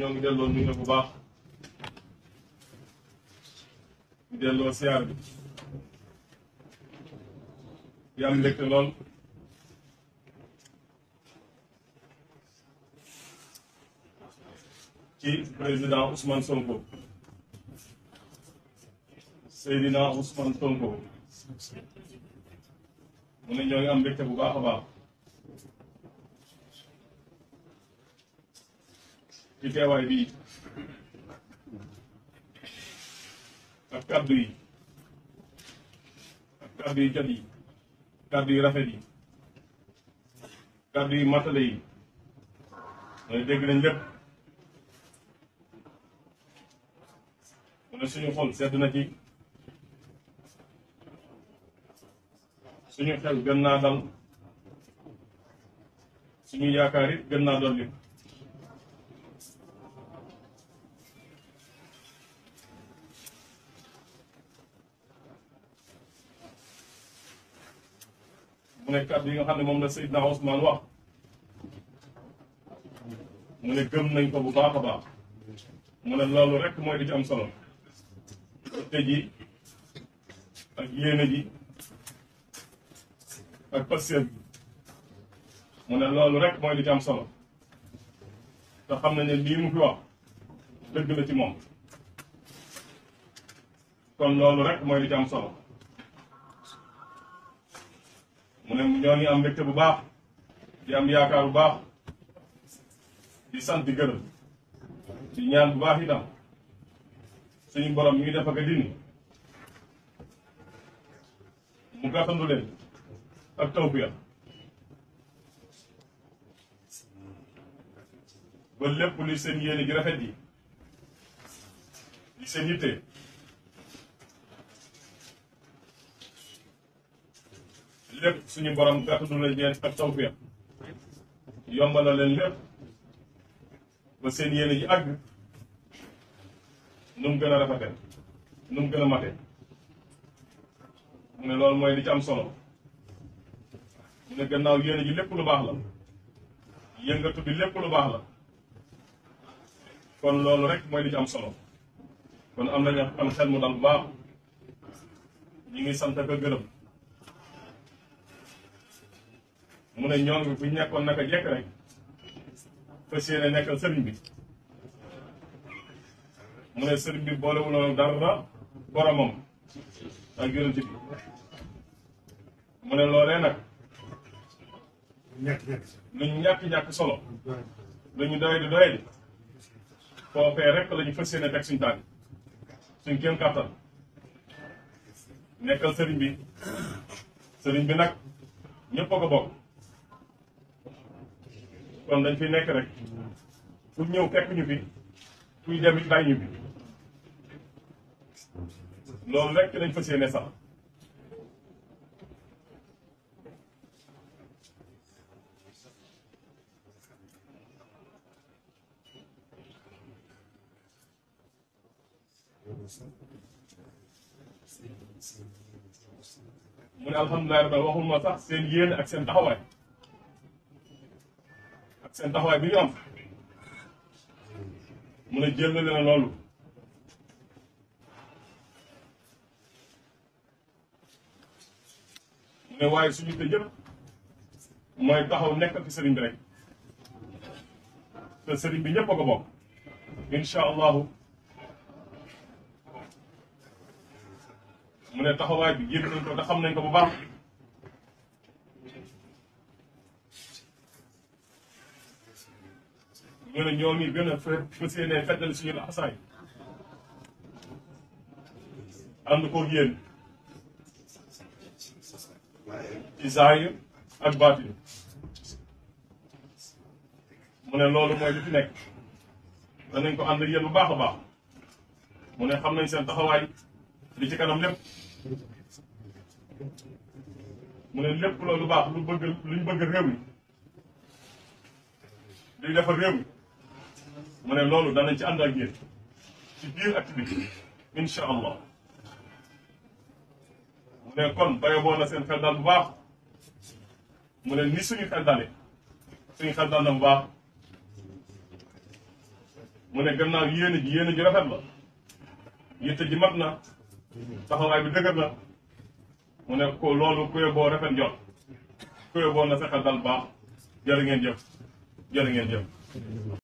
ñoo ngi delloo nuyu bu baax ñu delloo siyaar bi di am mbégte lool ci président Ousmane Sonko Seydina Ousmane Sonko mu ne ñoo ngi am mbégte bu baax a baax ci teewaay bii ak kàddu yi ak kàddu yi jat yi kàddu yi rafet yi kàddu yi matale yi mooy dégg nañ lépp mu ne suñu xol sedd na ci suñu xel gën naa dal suñu yaakaar it gën naa dolli mu ne kàddu yi nga xam ne moom la Seydina Ousmane wax mu ne gëm nañ ko bu baax a baax mu ne loolu rek mooy di ci am solo te ji ak yéene ji ak passeer mu ne loolu rek mooy di ci am solo te xam nañ ne lii mu fi wax dëgg la ci moom kon loolu rek mooy di ci am solo mu ne ñoo ngi am mbégte bu baax di am yaakaar bu baax di sant di di ñaan bu baax yi na suñu borom mi ngi def ak a dindi mu gàttandu leen ak tawfiq ba lépp li seen yéene ji rafet yi li seen yitte lépp suñu borom gàtt du la leen ak tawfeex yombal na leen lépp ba seen yéene ji àgg nu mu gën a rafetee nu gën a mate mu ne loolu mooy li ci am solo mu ne gannaaw yéene ji lépp lu baax la yëngatu bi lépp lu baax la kon loolu rek mooy li ci am solo kon am nañu am xel mu dal bu baax ñu ngi sant ak gërëm. mu ne ñoom bi bu ñu naka jekk rek fas yéene nekkal sëriñ bi mu ne sëriñ bi boolewuloon dara boromam ak yonent bi mu ne loolee nag ñu ñàkk-ñàkk solo lu ñu doy foofee rek lañu ñu fas yéene teg suñu tànk suñ kéem kàttan nekkal sëriñ bi sëriñ bi nag ñëpp a bokk kon dañ fi nekk rek ku ñëw fekk ñu fi kuy dem it bàyyi ñu fi loolu rek dañ fa yéene sax mu ne alhamdulilah rabbil waxuma sax seen yéen ak seen taxawaay seen taxawaay bi ñu am mun a jël na loolu mu ne waaye suñu te yëpp mooy taxaw nekk ci sëriñ bi rek sëriñ bi ñëpp a ko bokk allahu mu ne taxawaay bi yëpp nañ ko te xam nañ ko bu baax ñu ne ñoom yi gën a fas yéene feddal suñu laxasaay ànd koog yéen ci zaahir ak baatin mu ne loolu mooy li fi nekk danañ ko ànd ak yéen bu baax a baax mu ne xam nañ seen taxawaay li ci kanam lépp mu ne lépp loolu baax lu bëgg luñ bëgg réew mi luy defar réew mi mu ne loolu danañ ci ànd ak yéen ci biir activité bi incha allah mu ne kon baye boo na seen xel daal bu baax mu ne ni suñu xel daale suñu xel daal na bu baax mu ne gannaaw yéene ji yéene ji rafet la yitte ji mat na taxawaay bi dëgër na mu ne ko loolu kuye boo rafet njot kuye boo na sa xel daal baax jërë ngeen jëf jërë ngeen jëf